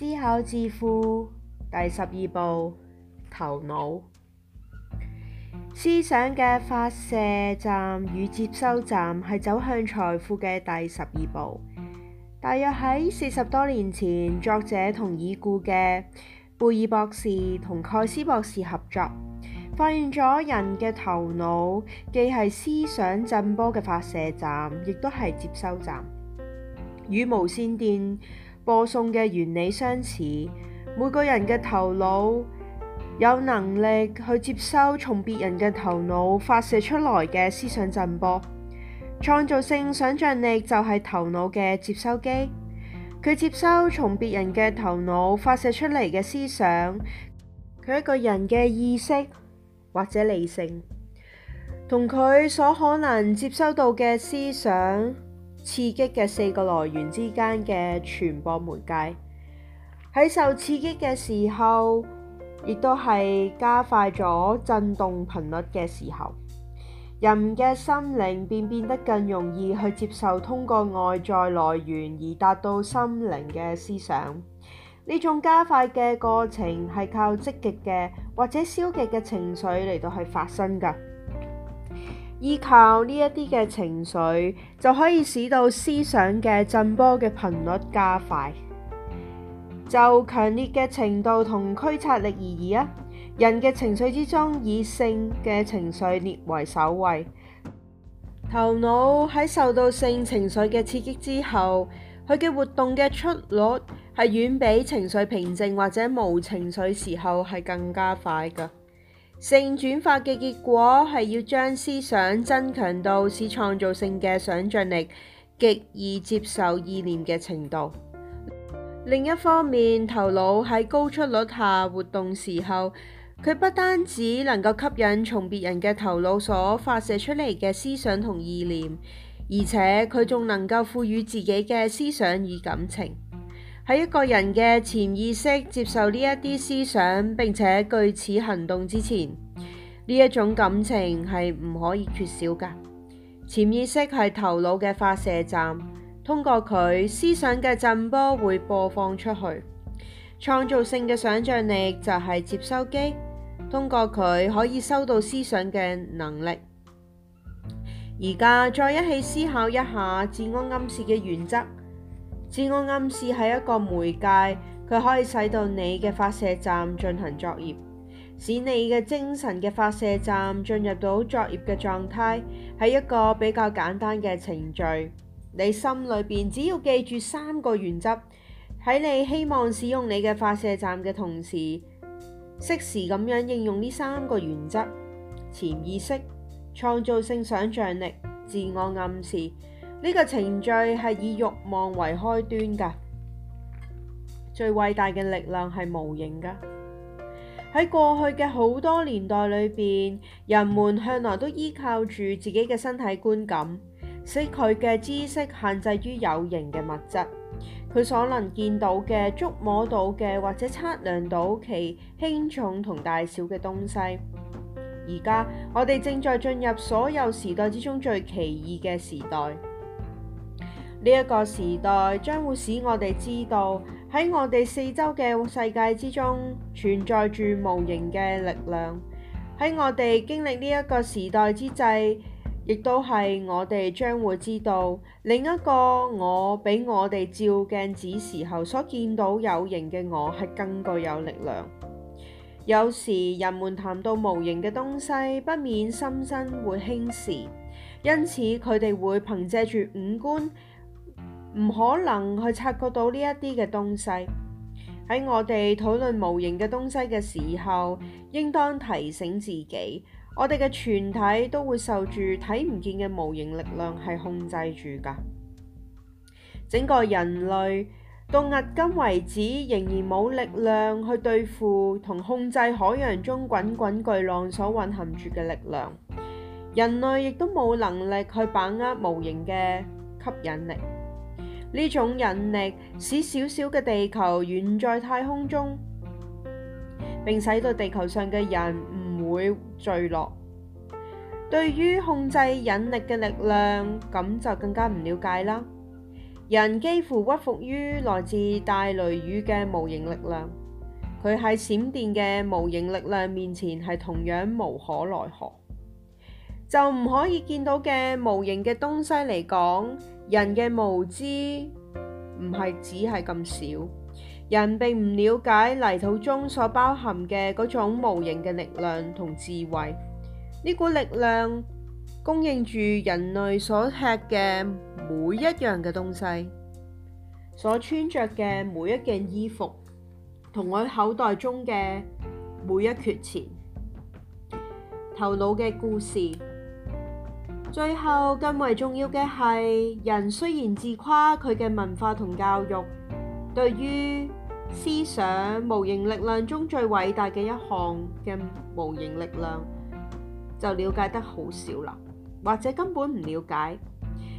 思考致富第十二步：頭腦思想嘅發射站與接收站係走向財富嘅第十二步。大約喺四十多年前，作者同已故嘅貝爾博士同蓋斯博士合作，發現咗人嘅頭腦既係思想震波嘅發射站，亦都係接收站，與無線電。播送嘅原理相似，每個人嘅頭腦有能力去接收從別人嘅頭腦發射出來嘅思想震波。創造性想象力就係頭腦嘅接收機，佢接收從別人嘅頭腦發射出嚟嘅思想，佢一個人嘅意識或者理性，同佢所可能接收到嘅思想。刺激嘅四個來源之間嘅傳播媒介，喺受刺激嘅時候，亦都係加快咗震動頻率嘅時候，人嘅心靈便變得更容易去接受通過外在來源而達到心靈嘅思想。呢種加快嘅過程係靠積極嘅或者消極嘅情緒嚟到去發生噶。依靠呢一啲嘅情緒，就可以使到思想嘅震波嘅頻率加快，就強烈嘅程度同驅策力而言，啊，人嘅情緒之中，以性嘅情緒列為首位。頭腦喺受到性情緒嘅刺激之後，佢嘅活動嘅出率係遠比情緒平靜或者無情緒時候係更加快噶。性轉化嘅結果係要將思想增強到使創造性嘅想象力極易接受意念嘅程度。另一方面，頭腦喺高速率下活動時候，佢不單止能夠吸引從別人嘅頭腦所發射出嚟嘅思想同意念，而且佢仲能夠賦予自己嘅思想與感情。喺一個人嘅潛意識接受呢一啲思想，並且據此行動之前，呢一種感情係唔可以缺少噶。潛意識係頭腦嘅發射站，通過佢思想嘅震波會播放出去。創造性嘅想象力就係接收機，通過佢可以收到思想嘅能力。而家再一起思考一下自我暗示嘅原則。自我暗示係一個媒介，佢可以使到你嘅發射站進行作業，使你嘅精神嘅發射站進入到作業嘅狀態。係一個比較簡單嘅程序，你心裏邊只要記住三個原則，喺你希望使用你嘅發射站嘅同時，適時咁樣應用呢三個原則：潛意識、創造性想像力、自我暗示。呢個程序係以慾望為開端㗎。最偉大嘅力量係無形㗎。喺過去嘅好多年代裏邊，人們向來都依靠住自己嘅身體觀感，使佢嘅知識限制於有形嘅物質，佢所能見到嘅、觸摸到嘅或者測量到其輕重同大小嘅東西。而家我哋正在進入所有時代之中最奇異嘅時代。呢一個時代將會使我哋知道喺我哋四周嘅世界之中存在住無形嘅力量。喺我哋經歷呢一個時代之際，亦都係我哋將會知道另一個我，俾我哋照鏡子時候所見到有形嘅我係更具有力量。有時人們談到無形嘅東西，不免心生會輕視，因此佢哋會憑借住五官。唔可能去察覺到呢一啲嘅東西。喺我哋討論無形嘅東西嘅時候，應當提醒自己，我哋嘅全體都會受住睇唔見嘅無形力量係控制住噶。整個人類到迄今為止，仍然冇力量去對付同控制海洋中滾滾巨浪所蘊含住嘅力量。人類亦都冇能力去把握無形嘅吸引力。呢種引力使小小嘅地球遠在太空中，並使到地球上嘅人唔會墜落。對於控制引力嘅力量，咁就更加唔了解啦。人幾乎屈服於來自大雷雨嘅無形力量，佢喺閃電嘅無形力量面前係同樣無可奈何。就唔可以見到嘅無形嘅東西嚟講。人嘅無知唔係只係咁少，人並唔了解泥土中所包含嘅嗰種無形嘅力量同智慧。呢股力量供應住人類所吃嘅每一樣嘅東西，所穿着嘅每一件衣服，同我口袋中嘅每一缺錢，頭腦嘅故事。最後，更為重要嘅係，人雖然自誇佢嘅文化同教育，對於思想無形力量中最偉大嘅一項嘅無形力量，就了解得好少啦，或者根本唔了解，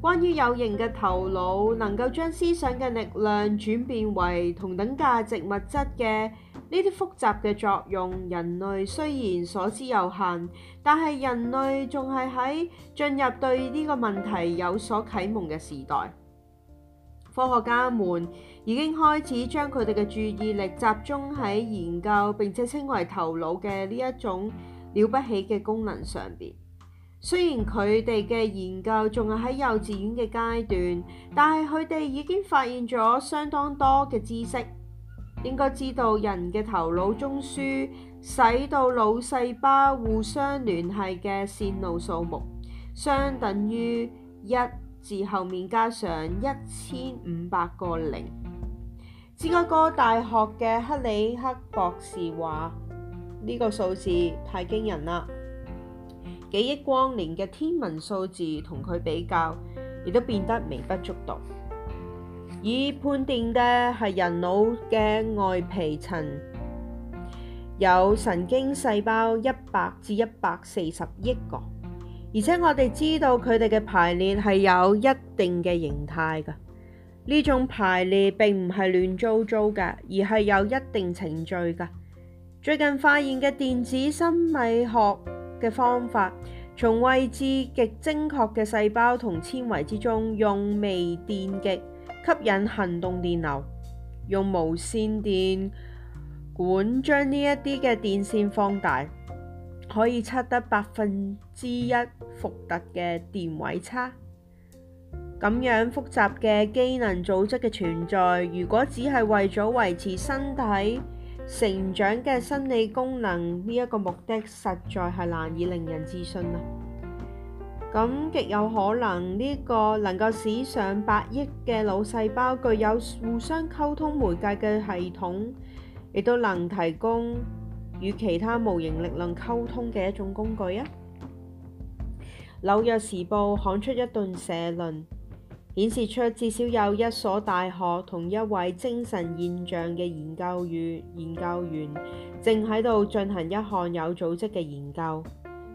關於有形嘅頭腦能夠將思想嘅力量轉變為同等價值物質嘅。呢啲複雜嘅作用，人類雖然所知有限，但係人類仲係喺進入對呢個問題有所啟蒙嘅時代。科學家們已經開始將佢哋嘅注意力集中喺研究並且稱為頭腦嘅呢一種了不起嘅功能上邊。雖然佢哋嘅研究仲係喺幼稚園嘅階段，但係佢哋已經發現咗相當多嘅知識。應該知道人嘅頭腦中樞使到腦細胞互相聯繫嘅線路數目，相等於一字後面加上一千五百個零。芝加哥大學嘅克里克博士話：呢、這個數字太驚人啦，幾億光年嘅天文數字同佢比較，亦都變得微不足道。以判定嘅係人腦嘅外皮層有神經細胞一百至一百四十億個，而且我哋知道佢哋嘅排列係有一定嘅形態嘅。呢種排列並唔係亂糟糟嘅，而係有一定程序嘅。最近發現嘅電子心理學嘅方法，從位置極精確嘅細胞同纖維之中，用微電極。吸引行動電流，用無線電管將呢一啲嘅電線放大，可以測得百分之一伏特嘅電位差。咁樣複雜嘅機能組織嘅存在，如果只係為咗維持身體成長嘅生理功能呢一個目的，實在係難以令人置信啊！咁極有可能呢個能夠使上百億嘅腦細胞具有互相溝通媒介嘅系統，亦都能提供與其他無形力量溝通嘅一種工具啊！紐約時報刊出一段社論，顯示出至少有一所大學同一位精神現象嘅研究與研究員正喺度進行一項有組織嘅研究。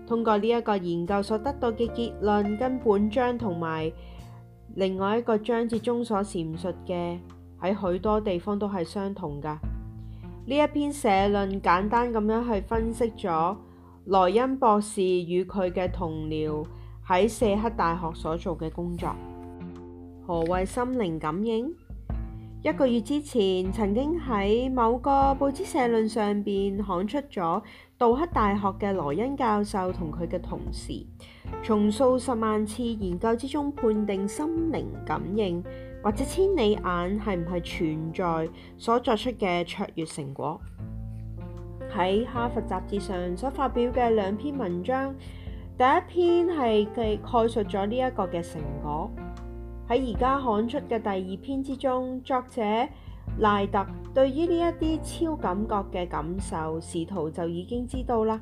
通過呢一個研究所得到嘅結論，跟本章同埋另外一個章節中所闡述嘅喺許多地方都係相同噶。呢一篇社論簡單咁樣去分析咗萊恩博士與佢嘅同僚喺社克大學所做嘅工作，何謂心靈感應？一個月之前，曾經喺某個報紙社論上邊刊出咗杜克大學嘅羅恩教授同佢嘅同事，從數十萬次研究之中判定心靈感應或者千里眼係唔係存在所作出嘅卓越成果，喺哈佛雜誌上所發表嘅兩篇文章，第一篇係嘅概述咗呢一個嘅成果。喺而家刊出嘅第二篇之中，作者賴特對於呢一啲超感覺嘅感受，試圖就已經知道啦，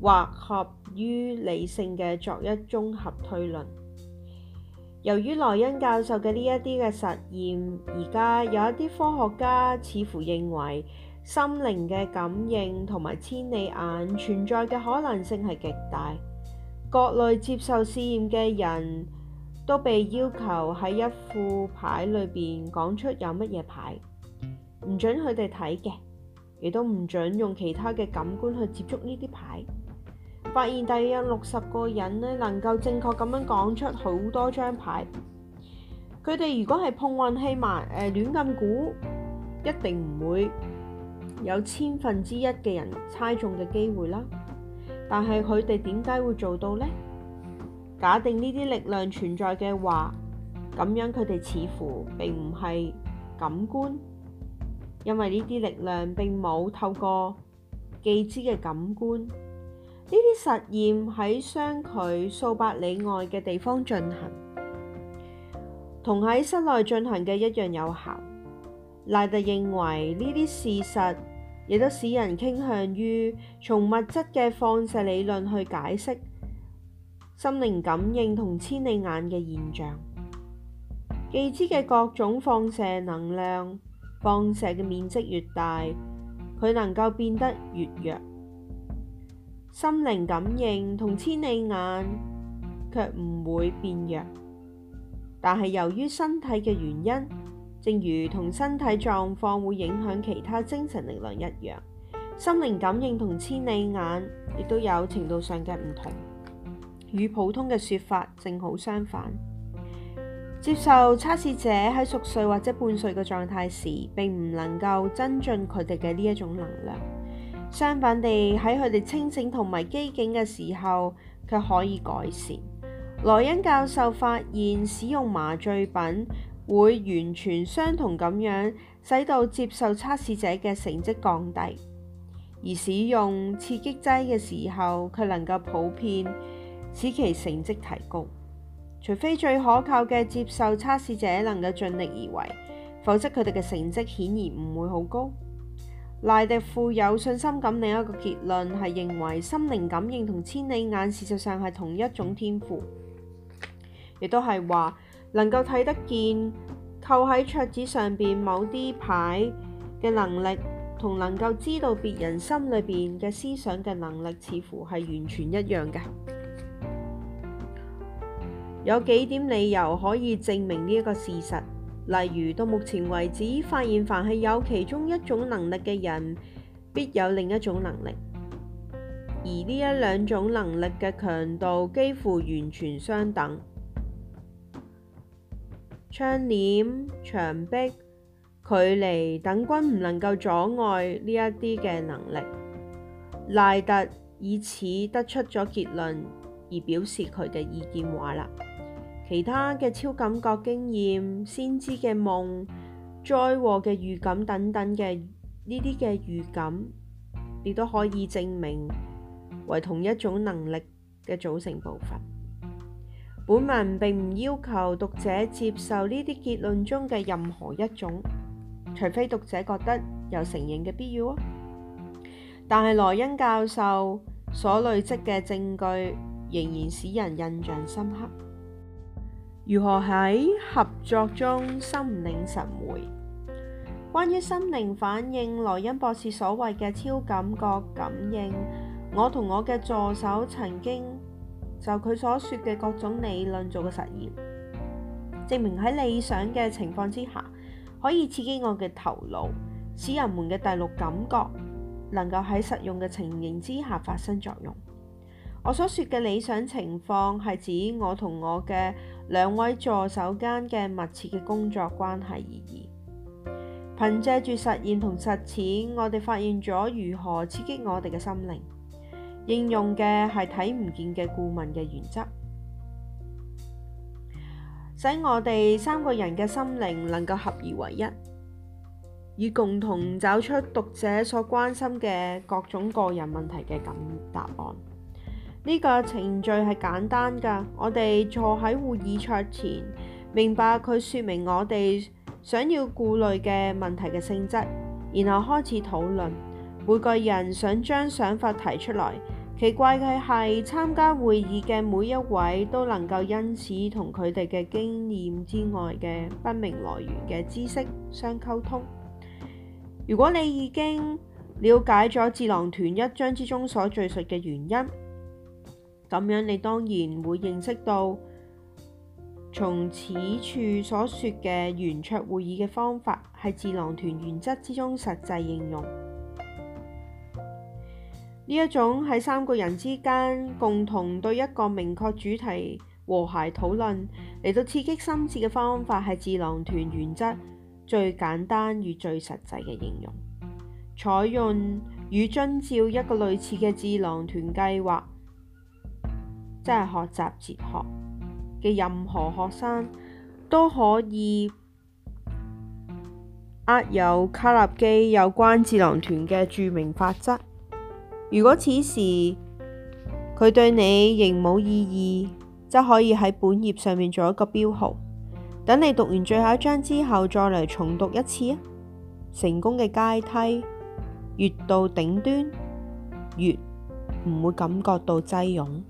或合於理性嘅作一綜合推論。由於萊恩教授嘅呢一啲嘅實驗，而家有一啲科學家似乎認為心靈嘅感應同埋千里眼存在嘅可能性係極大。各類接受試驗嘅人，都被要求喺一副牌裏邊講出有乜嘢牌，唔准佢哋睇嘅，亦都唔准用其他嘅感官去接觸呢啲牌。發現大約六十個人呢，能夠正確咁樣講出好多張牌。佢哋如果係碰運氣埋誒亂咁估，一定唔會有千分之一嘅人猜中嘅機會啦。但係佢哋點解會做到呢？假定呢啲力量存在嘅話，咁樣佢哋似乎並唔係感官，因為呢啲力量並冇透過既知嘅感官。呢啲實驗喺相距數百里外嘅地方進行，同喺室內進行嘅一樣有效。賴特認為，呢啲事實亦都使人傾向於從物質嘅放射理論去解釋。心靈感應同千里眼嘅現象，既知嘅各種放射能量，放射嘅面積越大，佢能夠變得越弱。心靈感應同千里眼卻唔會變弱，但係由於身體嘅原因，正如同身體狀況會影響其他精神力量一樣，心靈感應同千里眼亦都有程度上嘅唔同。與普通嘅說法正好相反，接受測試者喺熟睡或者半睡嘅狀態時，並唔能夠增進佢哋嘅呢一種能量。相反地，喺佢哋清醒同埋機警嘅時候，佢可以改善。萊恩教授發現，使用麻醉品會完全相同咁樣，使到接受測試者嘅成績降低；而使用刺激劑嘅時候，佢能夠普遍。使其成績提高，除非最可靠嘅接受測試者能夠盡力而為，否則佢哋嘅成績顯然唔會好高。賴迪富有信心咁，另一個結論係認為心靈感應同千里眼事實上係同一種天賦，亦都係話能夠睇得見扣喺桌子上邊某啲牌嘅能力，同能夠知道別人心裏邊嘅思想嘅能力，似乎係完全一樣嘅。有幾點理由可以證明呢一個事實，例如，到目前為止，發現，凡係有其中一種能力嘅人，必有另一種能力，而呢一兩種能力嘅強度幾乎完全相等。窗簾、牆壁、距離等均唔能夠阻礙呢一啲嘅能力。賴特以此得出咗結論，而表示佢嘅意見話啦。其他嘅超感覺經驗、先知嘅夢、災禍嘅預感等等嘅呢啲嘅預感，亦都可以證明為同一種能力嘅組成部分。本文並唔要求讀者接受呢啲結論中嘅任何一種，除非讀者覺得有承認嘅必要。但係羅恩教授所累積嘅證據仍然使人印象深刻。如何喺合作中心領神會？關於心靈反應，萊恩博士所謂嘅超感覺感應，我同我嘅助手曾經就佢所說嘅各種理論做過實驗，證明喺理想嘅情況之下，可以刺激我嘅頭腦，使人們嘅第六感覺能夠喺實用嘅情形之下發生作用。我所說嘅理想情況係指我同我嘅。兩位助手間嘅密切嘅工作關係而已。憑借住實驗同實踐，我哋發現咗如何刺激我哋嘅心靈，應用嘅係睇唔見嘅顧問嘅原則，使我哋三個人嘅心靈能夠合而為一，以共同找出讀者所關心嘅各種個人問題嘅咁答案。呢個程序係簡單㗎。我哋坐喺會議桌前，明白佢説明我哋想要顧慮嘅問題嘅性質，然後開始討論。每個人想將想法提出來。奇怪嘅係，參加會議嘅每一位都能夠因此同佢哋嘅經驗之外嘅不明來源嘅知識相溝通。如果你已經了解咗《智囊團》一章之中所敍述嘅原因。咁樣你當然會認識到，從此處所說嘅圓桌會議嘅方法係智囊團原則之中實際應用。呢一種喺三個人之間共同對一個明確主題和諧討論嚟到刺激心智嘅方法係智囊團原則最簡單與最實際嘅應用。採用與遵照一個類似嘅智囊團計劃。即係學習哲學嘅任何學生都可以握有卡納基有關智囊團嘅著名法則。如果此時佢對你仍冇意義，就可以喺本頁上面做一個標號。等你讀完最後一章之後，再嚟重讀一次。成功嘅階梯越到頂端，越唔會感覺到擠擁。